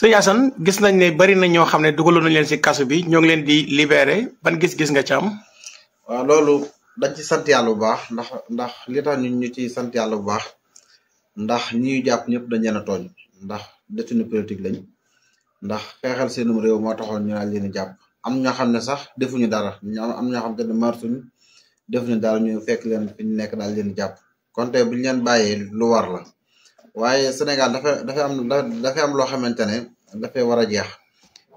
sëñ Assane gis nañ ne bari na ñoo xam ne dugaloon nañ leen si kaso bi ñoo ngi leen di libeere ban gis-gis nga ci am. waaw loolu dañ ci sant yàlla bu baax ndax ndax li tax ñun ñu ci sant yàlla bu baax ndax ñi jàpp ñëpp dañ leen a tooñ ndax détenu politique lañ ndax xeexal seenum réew moo taxoon ñu daal leen jàpp am ñoo xam ne sax defuñu dara ñu am ñoo xam te defuñu dara ñu fekk leen fi ñu nekk daal leen jàpp kon tey leen bàyyee lu war la. waaye Sénégal dafa dafa am dafa am loo xamante ne dafay war a jeex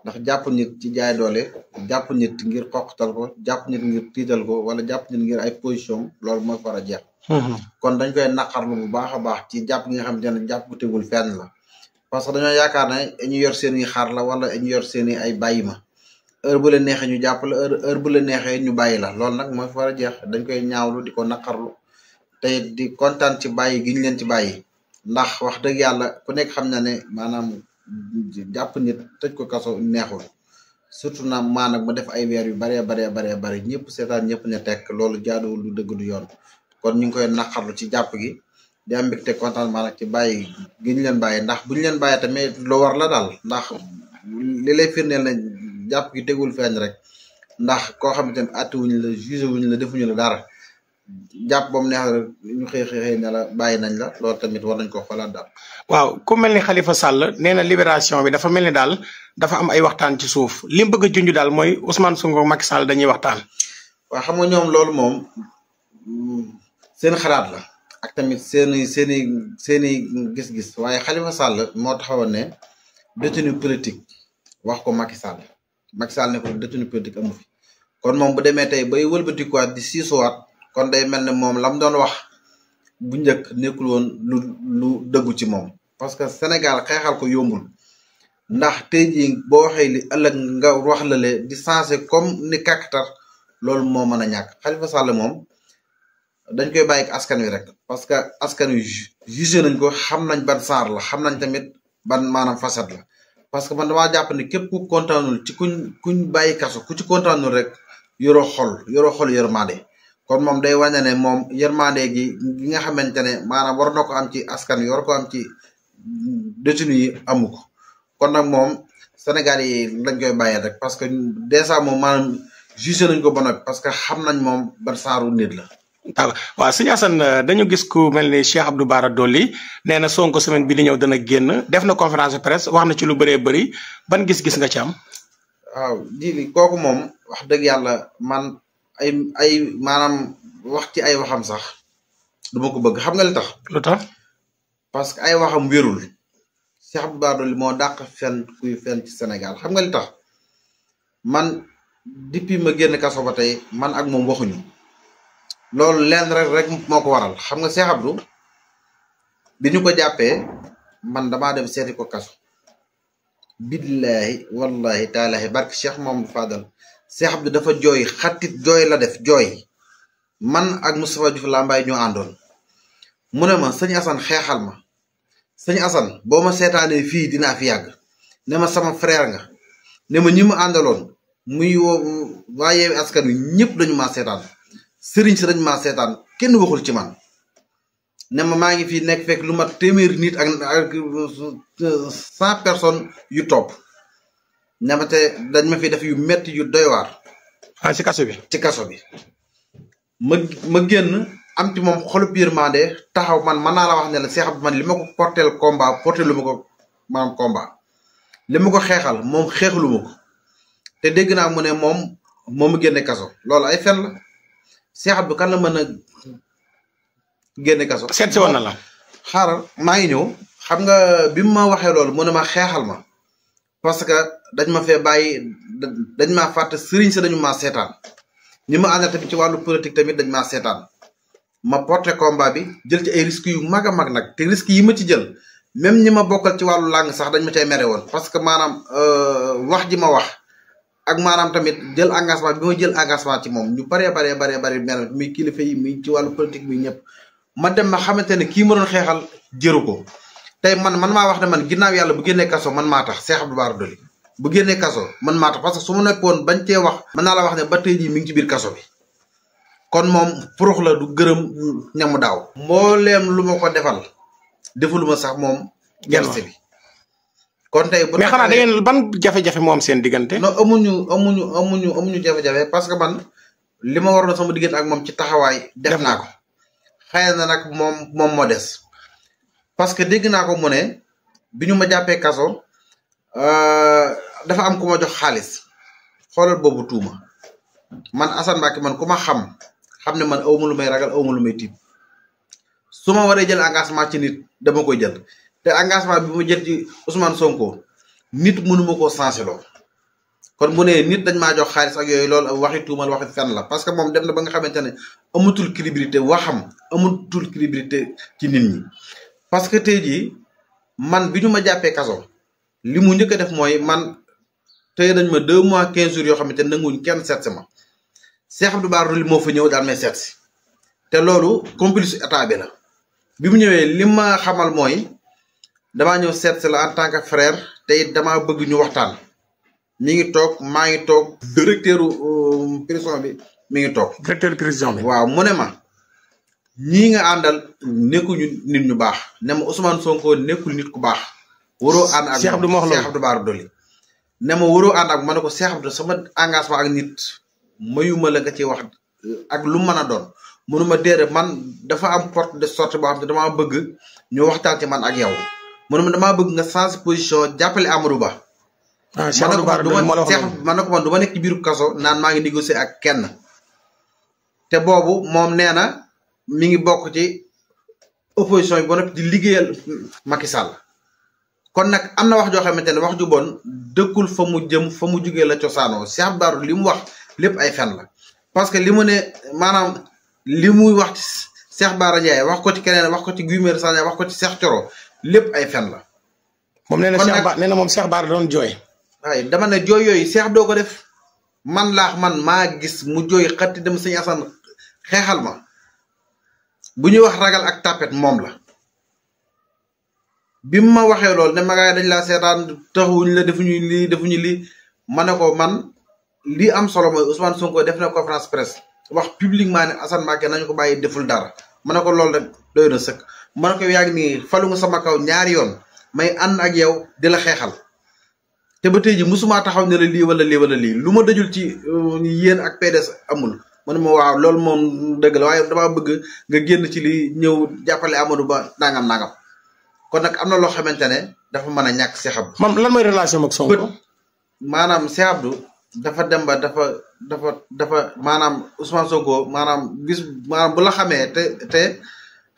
ndax jàpp nit ci jaay doole jàpp nit ngir xoqtal ko jàpp nit ngir tiital ko wala jàpp nit ngir ay position lool mooy war a jeex mm-hmm. kon dañ koy naqarlu bu baax a baax ci jàpp gi nga xamante ne jàpp gu tegul fenn la parce que dañoo yaakaar ne ñu yor seen i xaar la wala ñu yor seen ay bàyyi ma heure bu la neexe ñu jàpp la heure bu la neexee ñu bàyyi la lool nag moo war a jeex dañ koy ñaawlu di ko naqarlu te di kontaan ci bàyyi gi ñu leen ci bàyyi ndax wax dëgg yàlla ku nekk xam na ne maanaam jàpp nit tëj ko kaso neexul surtout na maanaam mu def ay weer yu baree baree baree bari ñëpp seetaan ñëpp ne tek loolu jaaduwul du dëgg du yoon kon ñu ngi koy naqarlu ci jàpp gi di am mbégte contentement nag ci bàyyi gi ñu leen bàyyi ndax bu ñu leen bàyyi tamit lu war la daal ndax li lay firndeel ne jàpp gi tegul feeñ rek ndax koo xamante ne àtte wuñu la wu ñu la defuñu la dara jàpp ba mu neex ñu xëy bàyyi nañ la loolu tamit war nañ ko xoolaat daal. waaw ku mel ni xalifa sàll nee na libération bi dafa mel ni daal dafa am ay waxtaan ci suuf li mu bëgg a junj daal mooy Ousmane Sonko Macky sàll dañuy waxtaan. waaw xam nga ñoom loolu moom seen xalaat la ak tamit seeni seeni seeni gis waaye Khalifa Sall moo taxawoon ne détenu politique wax ko Macky Sall Macky Sall ne ko détenu politique amu fi kon moom bu demee tey bay wëlbatikuwaat di siisuwaat. kon day mel ne moom lam doon wax bu njëkk nekkul woon lu lu dëggu ci moom parce que Sénégal xeexal ko yombul ndax te jii boo waxee li ëllëg nga wax la le di sensé comme ni kàkkatar loolu moo mën a ñàkk Khalifa Sall moom dañ koy bàyyi askan wi rek parce que askan wi jugé nañ ko xam nañ ban saar la xam nañ tamit ban maanaam facette la parce que man damaa jàpp ne képp ku kontaanul ci kuñ kuñ bàyyi kaso ku ci kontaanul rek yoroo xol yoroo xol yërmande kon moom day wane ne moom yërmande gi gi nga xamante ne maanaam war na ko am ci askan wi war ko am ci détenu yi amu ko kon nag moom Sénégal yi lañ koy bàyyee rek parce que dèjà moom maanaam jugé nañ ko ba noppi parce que xam nañ moom ban saaru nit la. voilà waaw sëñ Assane euh, dañu gis ku mel ni Cheikh Abdou Bara Dolly nee na Sonko semaine bi di ñëw dana génn def na conférence de presse wax na ci lu bëree bëri ban gis-gis nga ci am. waaw ji kooku moom wax dëgg yàlla man. ay ay maanaam wax ci ay waxam sax du ma ko bëgg xam nga litax tax. lu tax parce que ay waxam wérul Cheikh Abdou Bara Dolly moo dàq fenn kuy fenn ci Sénégal xam nga li man depuis ma génn kaso ba tey man ak moom waxuñu loolu lenn rek rek moo ko waral xam nga Cheikh Abdou bi ñu ko jàppee man dama dem seetiko seeti ko kaso. billahi wallahi taalahi barke Cheikh Mamadou Fadal. Cheikh Abdou dafa jooy xattit jooy la def jooy man ak Moustapha Diouf Lambaye ñoo àndoon mu ne ma sëñ Assane xeexal ma sëñ Assane boo ma seetaanee fii dinaa fi yàgg ne ma sama frère nga ne ma ñi mu àndaloon muy waaye Askan Wi ñëpp dañu maa seetaan sëriñ si dañu seetaan kenn waxul ci man ne ma maa ngi fii nekk fekk lu mat téeméeri nit ak ak euh, cent personnes yu topp ñamate dañ ma fi def yu metti yu doy waar ah ci kaso bi ci kaso bi ma ma génn am ci moom xolu biir maa de taxaw man mën naa la wax ne la Cheikh man li ma ko porteel combat porté lu ma ko maanaam combat li ma ko xeexal moom xeexlu ma ko te dégg naa mu ne moom moo ma génne kaso loolu ay fen la Cheikh Abdou kan la mën a génne kaso seet si woon na la xaaral maa ngi ñëw xam nga bi mu ma waxee loolu mu ne ma xeexal ma parce que dañ ma fee bàyyi dañ maa fàtte sëriñ sa dañu maa seetaan ñi ma àndal tamit ci wàllu politique tamit dañ maa seetaan ma porté combat bi jël ci ay risques yu mag a mag nag te risques yi ma ci jël même ñi ma bokkal ci wàllu làng sax dañ ma cay mere woon. parce que maanaam euh, wax ji ma wax ak maanaam tamit jël engagement bi ma jël engagement ci moom ñu baree baree baree bari mere muy kilifa yi muy ci wàllu politique muy ñëpp ma dem ma xamante ne kii ma doon xeexal jëru ko tey man man maa wax ne man ginnaaw yàlla bu génnee kaso man maa tax Cheikh Abdou Bara Dolly bu génnee kaso man maa parce que su mu nekkoon bañ cee wax. mën naa la wax ne ba tey jii mi ngi ci kaso bi kon moom purux la du gërëm ñamu daaw. mbooleem lu ma ko defal defuluma sax moom. gerte bi kon tey. bu mais xanaa da ban jafe-jafe seen diggante. amuñu amuñu amuñu amuñu jafe parce que man li ma waroon sama diggante ak moom ci taxawaay. def naa ko xëy na nag moom moom moo des. parce que dégg naa ko mu ne bi ñu ma jàppee kaso. Euh, dafa am ku ma jox xaalis xoolal boobu tuuma man Assane Mbacké man ku ma xam xam ne man awma lu may ragal awma lu may tiit su ma waree jël engagement ci nit dama koy jël te engagement bi mu jël ci Ousmane Sonko nit mënuma koo sensé kon bu nee nit dañ maa jox xaalis ak yooyu loolu waxi tuumal waxi fenn la parce que moom dem na ba nga xamante ne amatul crédibilité waxam amatul crédibilité ci nit mi parce que te jii man bi ñu ma jàppee kaso li mu njëkk def mooy man tey dañ ma deux mois quinze jours yoo xamante ne nanguwuñ kenn seet si ma Cheikh Abdou Bara Dolly moo fa ñëw daal may seet si te loolu complice état bi la bi mu ñëwee li ma xamal mooy damaa ñëw seet la en tant que frère te it damaa bëgg ñu waxtaan mi ngi toog maa ngi toog directeur euh, prison bi mi ngi toog directeur prison bi waaw mu ne ma ñii nga àndal nekkuñu nit ñu baax ne ma Ousmane Sonko nekkul nit ku baax waroo ànd ak Cheikh Abdou ma wax ne ma waroo ànd ak ma ko Cheikh sama engagement ak nit mayuma la nga ci wax ak lu mën a doon mënuma déere man dafa am porte de sortie boo xam ne damaa bëgg ñu waxtaan ci man ak yow mënuma damaa bëgg nga change position jàppale Amadou Ba ah Cheikh Abdou man ne ko man ma nekk biiru kaso naan maa ngi négocier ak kenn te boobu moom nee na mi ngi bokk ci opposition bi di liggéeyal Macky Sall kon nag am na wax joo xamante ne wax ju bon dëkkul fa mu jëm fa mu jugee la cosaanoo Cheikh Bara li mu wax lépp ay fen la parce que li mu ne maanaam li muy wax ci Cheikh Bara Ndiaye wax ko ci keneen wax ko ci Guy Marius wax ko ci Cheikh Thioro lépp ay fen la. moom nee na Cheikh Ba na moom Cheikh Bara doon jooy. waaye dama jooy yooyu seex doo ko def man laax man maa gis mu jooy xatti dem sëñ Assane xeexal ma bu ñuy wax ragal ak tappet moom la. bi mu ma waxee loolu ne magaay dañu laa seetaan taxuñ la defuñu lii defuñu lii ma ne ko man lii am solo mooy Ousmane Sonko def na conférence presse wax publiquement ne Assane Mbacké nañu ko bàyyi deful dara ma ne ko loolu rek doy na sëkk ma ne ni yaa ngi falu nga sama kaw ñaari yoon may ànd ak yow di la xeexal te ba tey ji mosumaa taxaw ne la lii wala lii lii lu ma dajul ci euh, yéen ak PDS amul man ma waaw loolu moom dëgg la waaye dama bëgg nga génn ci li ñëw jàppale Amadou Ba nangam nangam kon nag am na loo xamante ne dafa mën a ñàkk Cheikh Abdou. maam lan mooy relation ak Sonko. maanaam Cheikh dafa dem ba dafa dafa dafa maanaam Ousmane maanaam bis maanaam bu la xamee te te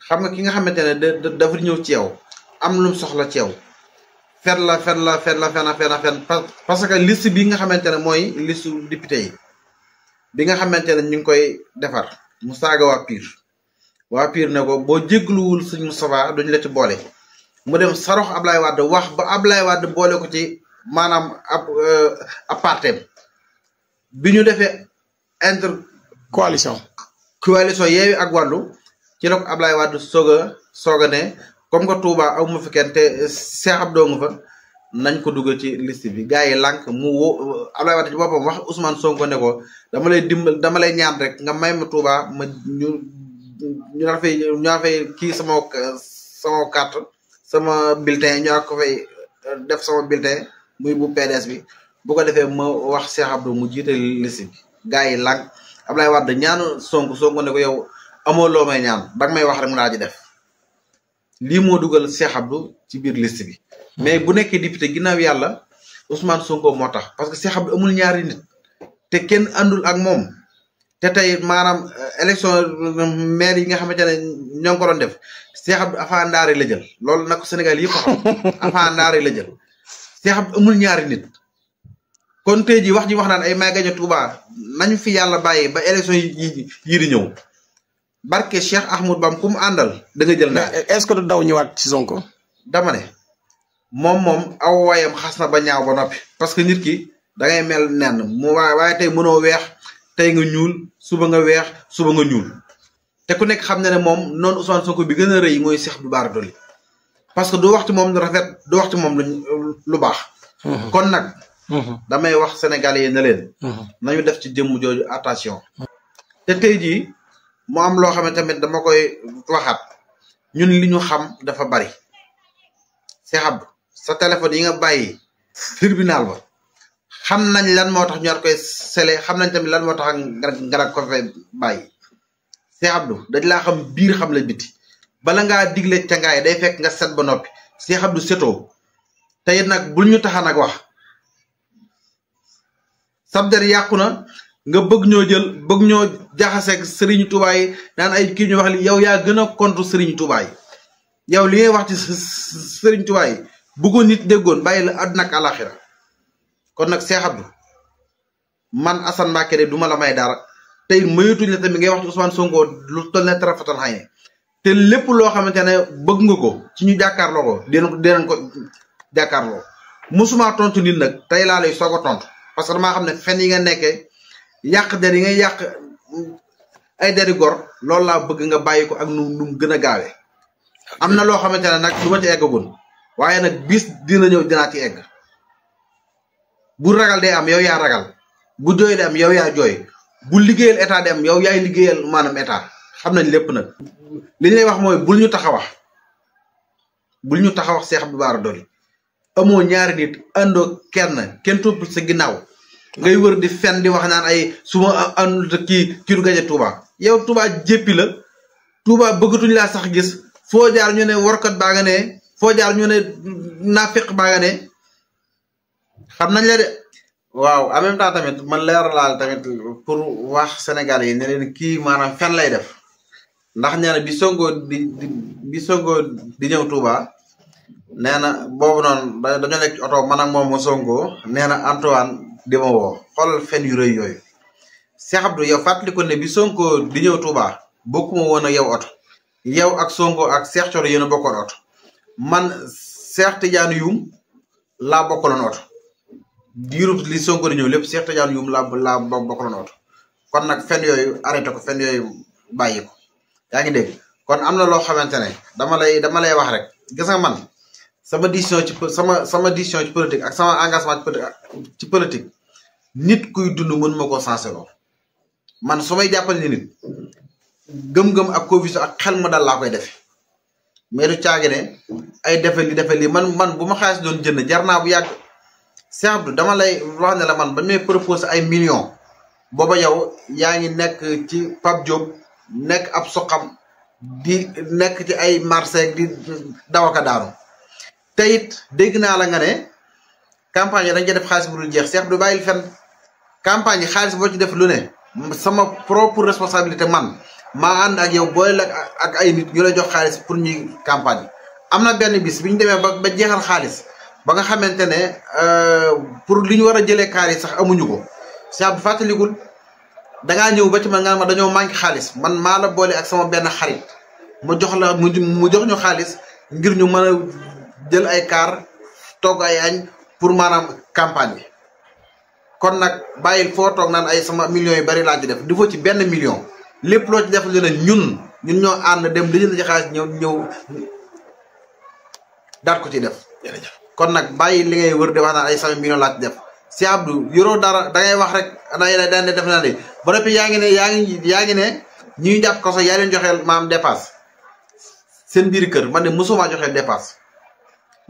xam nga ki nga xamante ne da dafa ñëw ci yow am lu soxla ci yow. fen la fen la fen la fen fen fen parce que liste bi nga xamante ne mooy list député yi bi nga xamante ne ñu ngi koy defar mu saaga waa Pire waa Pire ne ko boo jégluwul suñ Moustapha duñ la ci boole. mu dem sarox Ablaye Wade wax ba Ablaye Wade boole ko ci maanaam ab euh, apartem bi ñu defee inter coalition coalition yeewi ak wàllu ci la ko Ablaye Wade soog a soog a ne comme que Touba amu fi kenn te Cheikh Abdou fa nañ ko dugal ci liste bi gars yi lànk mu woo Ablaye Wade ci boppam wax Ousmane Sonko ne dama lay dimbal dama lay ñaan rek nga may ma Touba ma ñu ñu rafet ñu rafet kii sama sama carte sama bulletin ñaa ko fay euh, def sama bulletin muy bu pedes bi bu ko defee ma wax Cheikh Abdou mu jiite liste bi gars yi lànk Ablaye Wade ñaanu Sonko Sonko ne ko yow amoo may ñaan bag may wax rek mu daal di def lii moo dugal Cheikh Abdou ci biir liste bi. mais bu nekkee député ginnaaw yàlla Ousmane Sonko moo tax parce que Cheikh Abdou amul ñaari nit te kenn àndul ak moom. te tey maanaam euh, élection euh, maire yi nga xamante ne ñoo ngi ko doon def Cheikh Abdou Afa Ndaare la jël loolu nag Sénégal yëpp xam Afa Ndaare la jël Cheikh Abdou amul ñaari nit kon tey jii wax ji wax naan ay may gaño Touba nañu fi yàlla bàyyi ba élection yi yi di ñëw barke Cheikh Ahmoud Bam ku mu àndal da nga jël naa est-ce que du daw ñëwaat ci Sonko dama ne moom moom aw waayam xas na ba ñaaw ba noppi parce que nit ki dangay ngay mel nenn mu waaye waaye tey mënoo weex tey nga ñuul suba nga weex suba nga ñuul te ku nekk xam na ne moom noonu Ousmane Sonko bi gën a rëy mooy Cheikh Abdou Bara Dolly parce que du waxtu moom lu rafet du waxtu moom lu baax. Mhm. kon nag. Mhm. damay wax sénégalais yi ne leen. Mhm. nañu def ci jëmm jooju attention. te tey jii mu am loo xam ne tamit dama koy waxaat ñun li ñu xam dafa bari Cheikh Abdou sa téléphone yi nga bàyyi tribunal ba. xam nañ lan moo tax ñor koy sele xam nañ tamit lan moo tax nga ko fay bàyyi Cheikh Abdou dañ laa xam biir xam la biti bala ngaa digle cangaay day fekk nga set ba noppi Cheikh Abdou setoo te it nag bul ñu taxa nag wax sab der yàqu na nga bëgg ñoo jël bëgg ñoo jaxaseeg sëriñ Touba yi naan ay kii ñu wax li yow yaa gën a contre sëriñ Touba yi yow li ngay wax ci Serigne Touba yi bu nit déggoon bàyyi la àdduna ak àlaxira kon nag Cheikh man Assane Mbacké de du ma la may dara tey mayutuñ la tamit ngay wax ci Ousmane Sonko lu toll ne tarafatal xay te lépp loo xamante ne bëgg nga ko ci ñu jàkkaarloo ko dinañ dinañ tontu nit nag tey laa lay soog a tontu parce que damaa xam ne fen yi nga nekkee yàq der yi nga yàq ay deri gor loolu laa bëgg nga bàyyi ko ak nu mu gën a gaawee. am na loo xamante ne nag du ma ci eggagun waaye nag bis dina ñëw dinaa ci egg. bu ragal day am yow ya ragal bu jooy day am yow yaa jooy bu liggéeyal état day am yow yay liggéeyal maanaam état xam nañ lépp nag li ñu wax mooy bul ñu tax wax bul ñu tax a wax Cheikh Abdou Bara amoo ñaari nit àndoo kenn kenn toppul sa ginnaaw ngay wër di fen di wax naan ay su ma àndul te kii kii du gaje Touba yow Touba jéppi la Touba bëggatuñ laa sax gis foo jaar ñu ne warkat baa nga ne foo jaar ñu ne naafeq baa nga ne xam nañ la de waaw en même tamit man leer laal tamit pour wax Sénégal yi ne kii maanaam fen lay def ndax nee na bi Sonko di bi Sonko di ñëw Touba nee na boobu noonu ci oto man ak moom mu Sonko nee na Antoine di ma woo xoolal fen yu rëy yooyu ne bi Sonko di ñëw Touba bokkuma woon ak yow ak songo ak Cheikh Thioro yéen a bokkoon oto man Cheikh Tidiane Youm laa bokkaloon oto diirub li Sonko di ñëw lépp Cheikh Tidiane Youm la la bokkaloon oto kon nag fen yooyu arrêté ko fenn yooyu bàyyi ko yaa ngi dégg kon am na loo xamante ne dama lay dama lay wax rek gis man sama décision ci sama sama décision ci politique ak sama engagement ci politique nit kuy dund mën ma koo sensé loo man su may jàppal ni nit gëm-gëm ak conviction ak xel mu dal laa koy defe mais du caagi ne ay defe li defe lii man man bu ma xaalis doon jënd jar naa bu yàgg Cheikh Abdou dama lay wax ne la man ba may proposé ay million booba yow yaa ngi nekk ci Pape Diop nekk ab soqam di nekk ci ay marché di dawaka daanu te it dégg naa la nga ne campagne yi dañ def xaalis bu dul jeex Cheikh Abdou bàyyil fen campagne xaalis boo ci def lu ne sama propre responsabilité man maa yow boole ak ay nit ñu jox xaalis pour ñuy campagne am na benn bis bi ñu demee ba ba jeexal xaalis ba nga xamante ne euh, pour li ñu war a jëlee kaar yi sax amuñu ko saa bu fàttalikul da ngaa ñëw ba ci man nga ma dañoo manqué xaalis man maa la boole ak sama benn xarit mu jox la mu mu jox xaalis ngir ñu mën a jël ay kaar togg ay añ pour maanaam campagne bi kon nag bàyyil foo toog naan ay sama millions yu bari laa ci def di ko ci benn million lépp loo ci def ñu ne ñun ñun ñoo ànd dem li ñu la ci xaalis ñëw ñëw daat ko ci def kon nag bàyyi li ngay wër de wax naan ay cent millions laa ci def si Abdou yoroo dara da ngay wax rek day daan def naa ne ba noppi yaa ngi ne yaa ngi yaa ngi ne ñuy jàpp kaso yaa joxeel maam dépasse seen biir kër man ne mosuma joxeel dépasse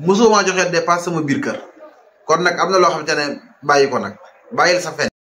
mosuma joxeel dépasse sama biir kër kon nag am na loo xamante ne bàyyi ko nag bàyyil sa